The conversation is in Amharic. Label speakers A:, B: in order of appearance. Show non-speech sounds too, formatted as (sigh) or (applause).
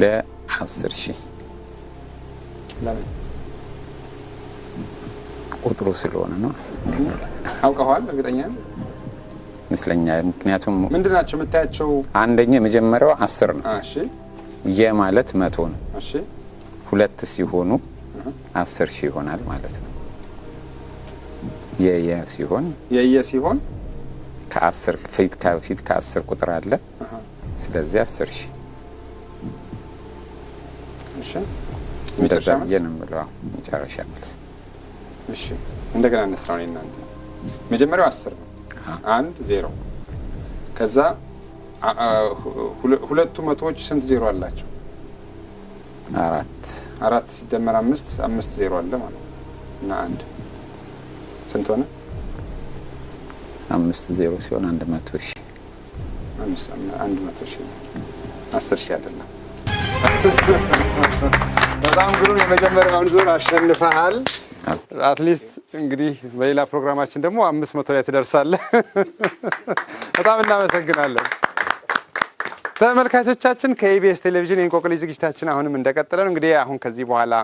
A: ለአስር ሺህ ቁጥሩ ስለሆነ ነው።
B: አውቀዋል እርግጠኛ
A: ይመስለኛል። ምክንያቱም
B: ምንድን ናቸው የምታያቸው?
A: አንደኛ የመጀመሪያው አስር ነው። የ ማለት መቶ ነው። ሁለት ሲሆኑ አስር ሺህ ይሆናል ማለት ነው። የየ ሲሆን
B: የየ ሲሆን
A: ከአስር ፊት ከአስር ቁጥር አለ። ስለዚህ አስር ሺህ እንደዛ ብዬ ነው የምለው መጨረሻ መልስ።
B: እሺ እንደገና እነስራ ነው እናንተ መጀመሪያው አስር ነው አንድ ዜሮ ከዛ ሁለቱ መቶዎች ስንት ዜሮ አላቸው? አራት አራት ሲደመር አምስት አምስት ዜሮ አለ ማለት ነው። እና አንድ ስንት ሆነ?
A: አምስት ዜሮ ሲሆን አንድ መቶ ሺ
B: አንድ መቶ ሺ አስር ሺ Thank you. በጣም ግሩም የመጀመሪያውን ዙር አሸንፈሃል። አትሊስት እንግዲህ በሌላ ፕሮግራማችን ደግሞ አምስት መቶ ላይ ትደርሳለህ። (laughs) በጣም እናመሰግናለን። ተመልካቾቻችን ከኢቢኤስ ቴሌቪዥን የእንቆቅልሽ ዝግጅታችን አሁንም እንደቀጠለ ነው። እንግዲህ አሁን ከዚህ በኋላ